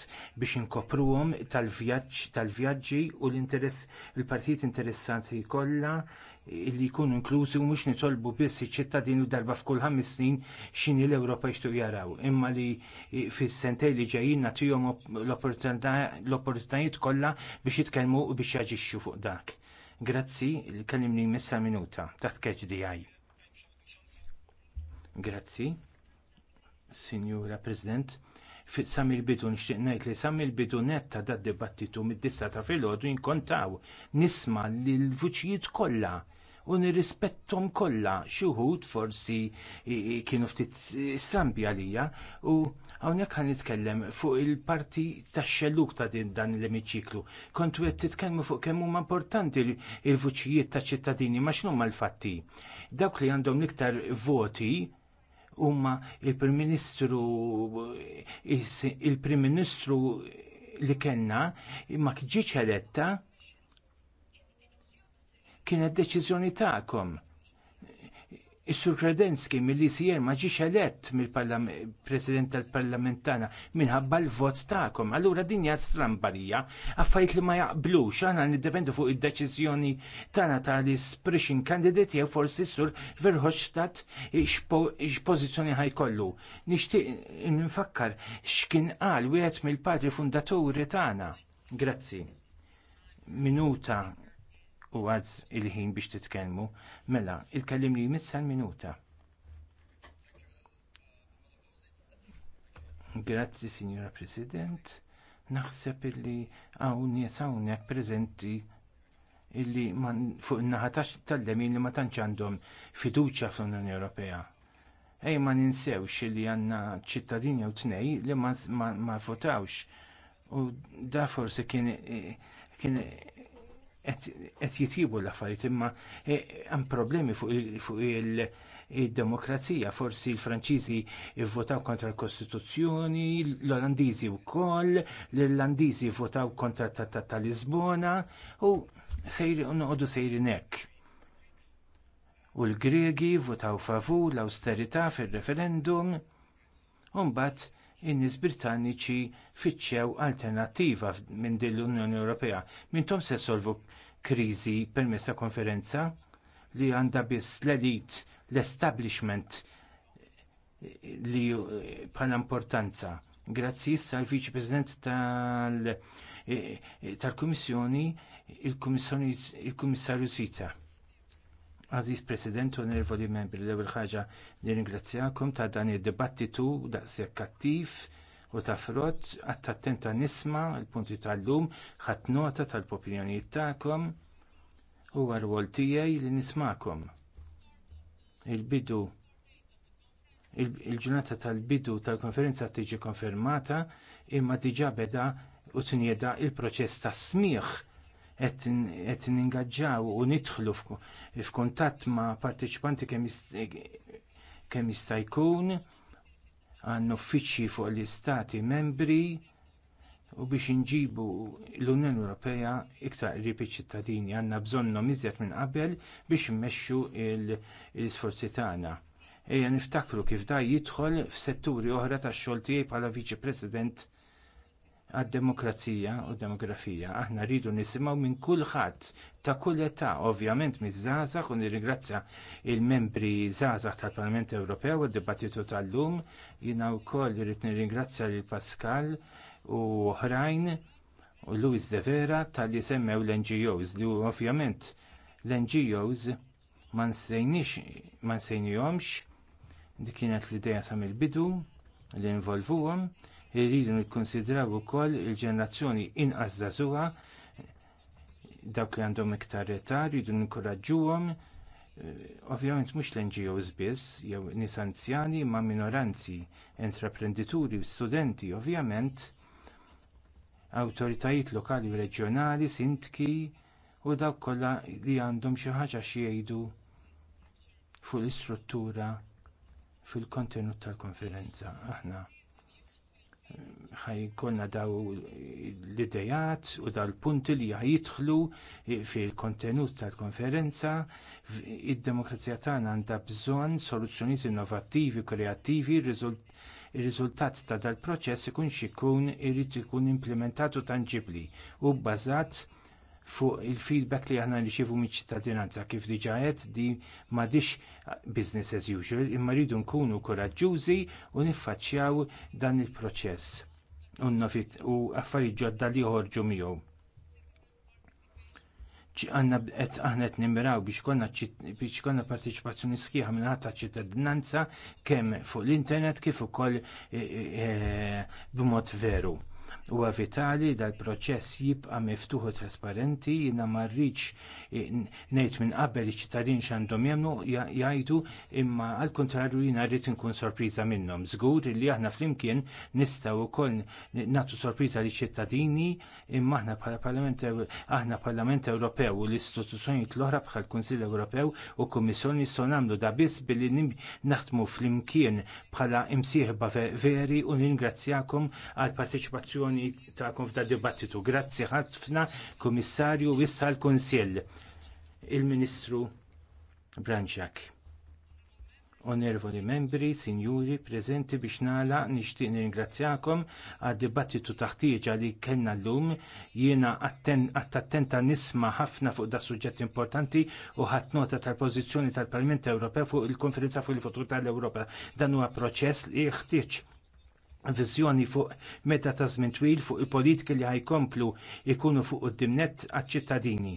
biex inkopruhom tal-vjaġġ tal-vjaġġi u l-interess il-partit interessanti kollha li jkunu inklużi u mhux nitolbu biss iċ-ċittadini darba f'kull ħames snin x'inhi l-Ewropa jixtu jaraw, imma li fis-sentej li ġejjin nagħtihom l-opportunitajiet kollha biex jitkellmu u biex jaġixxu fuq dak. Grazzi, kellimni missa minuta taħt keċ DI. Grazzi. Sinjura President, sam il-bidu nixtieq ngħid li sam il-bidu netta da' dibattitu mid-dissa ta' filgħodu jinkontaw nisma' lill vuċijiet kollha u nirrispettom kollha xi wħud forsi kienu ftit strambi għalija u hawnhekk ħan nitkellem fuq il-parti tax-xelluk ta' dan l-emiċiklu. Kontu qed titkellmu fuq kemm huma importanti il-vuċijiet ta' ċittadini ma' x'nhuma l-fatti. Dawk li għandhom l-iktar voti huma il-Prim Ministru il-Prim Ministru li kellna ma kġiċ eletta kienet deċiżjoni tagħkom Is-Sur Kredenski mill-ICR ma ġiex elett mill-President tal-Parlament tagħna minħabba l-vot tagħkom. Allura din hija strambarija, affarijiet li ma jaqblux aħna niddependu fuq id-deċiżjoni tagħna tal-isprixin kandidati jew forsi sur Verhofstadt x'pożizzjoni ħajkollu. Nixtieq nfakkar x'kien qal wieħed mill-patri fundaturi tagħna. Grazzi. Minuta u għadz il-ħin biex titkellmu. Mela, il-kellim li jmissa minuta. Grazzi, Signora President. Naħseb illi għaw nies hawnhekk preżenti illi man fuq naħatax naħa tal-lemin li ma tantx għandhom fiduċja fl-Unjoni Ewropea. Ej ma ninsewx illi għandna ċittadini u tnej li ma votawx u da forsi kien kien qed jitjibu l-affarijiet imma eh, hemm problemi fuq il-demokrazija. Forsi l-Franċiżi votaw kontra l-Kostituzzjoni, l-Olandiżi wkoll, l-Irlandiżi votaw kontra t Trattat ta' Lisbona u sejri noqogħdu sejrin hekk. U l-Gregi votaw favur l awsterità fir-referendum u mbagħad in-nies Britanniċi fitxew alternattiva minn din l-Unjoni Ewropea. Mintom se solvu kriżi permezz ta' konferenza li għandha biss l-elit, l-establishment li bħala importanza. Grazzi issa għal viċi President eh, eh, tal-Kummissjoni, il-Kummissarju Sita. Aziz President, onorevoli membri, l-ewwel ħaġa nirringrazzjakom ta' dan id-dibattitu daqshekk kattiv u ta' frott għatt attenta nisma l-punti tal-lum ħadd nota tal-opinjonijiet tagħkom u għal-wol tiegħi li nismakom. Il-bidu il-ġurnata tal-bidu tal-konferenza tiġi konfermata imma diġà beda u tnieda l proċess tas smigħ qed ningaġġaw u nidħlu f'kuntatt ma' partiċipanti kemm jista' jkun għandna uffiċċji fuq l-istati membri u biex inġibu l-Unjoni Ewropea iktar qrib iċ-ċittadini għandna bżonnhom iżjed minn qabel biex immexxu l-isforzi tagħna. Ejja niftakru kif da jidħol f'setturi oħra tax-xogħol tiegħi bħala Viċi President għad-demokrazija u demografija. Aħna rridu nisimgħu minn kulħadd ta' kull età, ovvjament miż-żgħażagħ u nirringrazzja il-membri żgħażagħ tal-Parlament Ewropew u d-dibattitu tal-lum. Jiena wkoll irid nirringrazzja lil Pascal u oħrajn u Luis De Vera tal-li semmew l-NGOs li ovvjament l-NGOs ma nsejnix ma dik kienet l-idea sa mill-bidu li involvuhom Irridu nikkonsidraw ukoll il-ġenerazzjoni inqas żagħżugħa dawk li għandhom iktar età rridu nkoraġġuhom eh, ovvjament mhux l-NGOs biss jew nies anzjani ma' minoranzi, intraprendituri, studenti, ovvjament awtoritajiet lokali u reġjonali, sintki u dawk kollha li għandhom xi ħaġa xi jgħidu fuq l-istruttura fil-kontenut tal-konferenza aħna ħajkonna daw l-idejat u dal-punti li ħajidħlu fil-kontenut tal-konferenza id-demokrazija tagħna għandha bżonn soluzzjonijiet innovattivi, kreattivi, ir-riżultat ta' dal-proċess ikun xikun irid ikun implementat u tangibli u bbażat fuq il-feedback li aħna nirċievu miċ-ċittadinanza kif diġà di din m'għadix business as usual imma rridu nkunu koraġġużi u niffaċċjaw dan il-proċess u affarijiet ġodda li joħorġu miegħu għanna għet għanna għet biex konna, parteċipazzjoni konna partiċipazzjoni sħiħa minn ħatta ċittadinanza kemm fuq l-internet kif ukoll e, e-, e- b'mod veru. Huwa vitali dal-proċess jibqa' miftuħ u trasparenti jiena ma rridx eh, ngħid minn qabel iċ-ċittadin x'għandhom jemnu jgħidu imma għal kontrarju jiena rrid inkun sorpriża minnhom. Żgur li aħna flimkien nistgħu wkoll nagħtu sorpriża liċ ċittadini imma aħna bħala Parlament aħna Parlament Ewropew u l-istituzzjonijiet l-oħra bħal Kunsill Ewropew u Kummissjoni jistgħu nagħmlu da biss billi naħdmu flimkien bħala imsieħba veri u ningrazzjakom għall parteċipazzjoni l-attenzjoni ta'kom f'da dibattitu. Grazzi ħafna, Komissarju, wissa l-Konsill, il-Ministru Branċak. Onervoli membri, sinjuri, prezenti biex nala nixtieq nirringrazzjakom għad dibattitu taħtieġa li kellna llum jiena attenta nisma ħafna fuq da suġġett importanti u ħadd nota tal-pożizzjoni tal-Parlament Ewropew fuq il-Konferenza fuq il-Futur tal-Ewropa. Dan huwa proċess li jeħtieġ viżjoni fuq meta ta' żmien twil fuq il-politika li ħajkomplu jkunu fuq id-dimnet għaċ-ċittadini.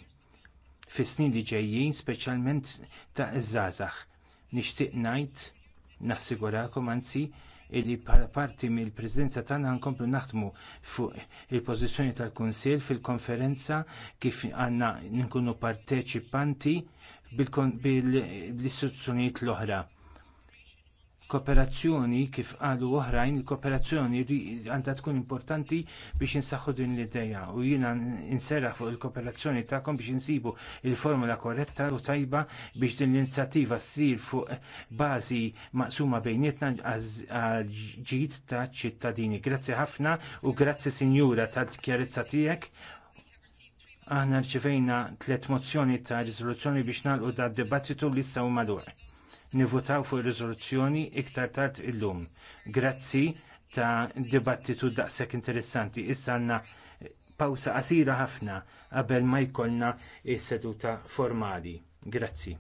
Fis-snin li ġejjin, speċjalment ta' iż-żgħażagħ. Nixtieq ngħid nassigurakom anzi li bħala parti mill-Presidenza tagħna nkomplu naħdmu fuq il-pożizzjoni tal-Kunsill fil-konferenza kif għandna nkunu parteċipanti bil-istituzzjonijiet l-oħra kooperazzjoni kif qalu oħrajn, il-kooperazzjoni għandha tkun importanti biex insaħħu din l-ideja u jiena inserraħ fuq il-kooperazzjoni tagħkom biex insibu l formula korretta u tajba biex din l-inizjattiva ssir fuq bażi maqsuma bejnietna għal-ġid ta' ċittadini. Grazzi ħafna u grazzi Sinjura tal-kjarezza tiegħek aħna rċivejna tliet mozzjoni ta' riżoluzzjoni biex nagħlqu da' dibattitu li issa u madwar nivvotaw fuq ir-riżoluzzjoni iktar tard illum. Grazzi ta' dibattitu daqshekk interessanti. Issa għandna pawsa qasira ħafna qabel ma jkollna s seduta formali. Grazzi.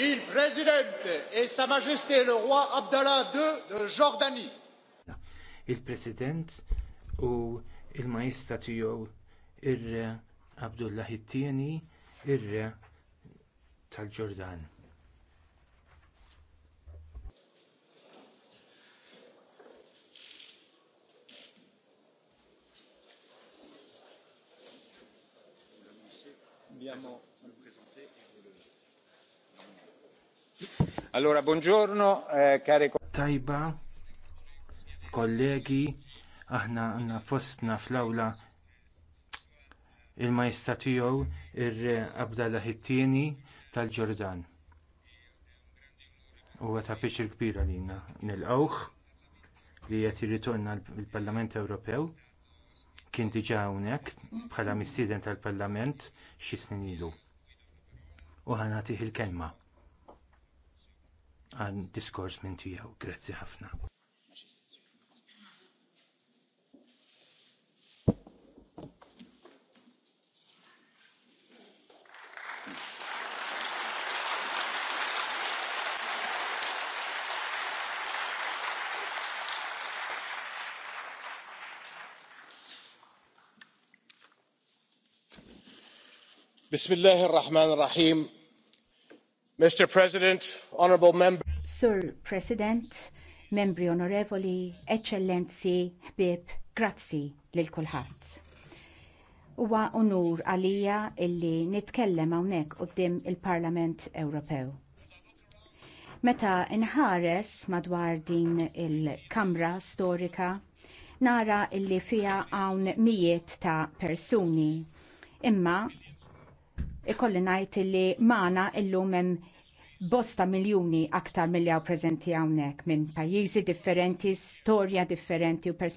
il Presidente e Sa Majesté le Roi Abdallah II de Jordanie. Il-President u il-Majesta tiegħu ir-Re Abdullah it-Tieni, ir-Re tal-Ġordan. Abbiamo Allora, buongiorno, eh, cari Tajba, kollegi, aħna għanna fostna fl-awla il-majsta tiegħu ir-re Abdallah Hittini tal-Ġordan. Huwa ta' piċir kbira nil-awħ li qed jirritorna l-Parlament Ewropew kien diġà hawnhekk bħala mistieden tal-Parlament xi snin ilu. U tiħ il-kelma għan diskors minn tiegħu. Grazzi ħafna. Bismillahir Rahmanir Rahim. Mr. President, Honorable Member. Sir President, membri onorevoli, eccellenzi, ħbib, grazzi lil kulħadd. Huwa onur għalija illi nitkellem hawnhekk quddiem il-Parlament Ewropew. Meta inħares madwar din il-Kamra storika, nara illi fija hawn mijiet ta' persuni. Imma ikolli ngħid li mana illum hemm bosta miljuni aktar mill-li għaw prezenti għawnek minn pajjiżi differenti, storja differenti u perspektivi.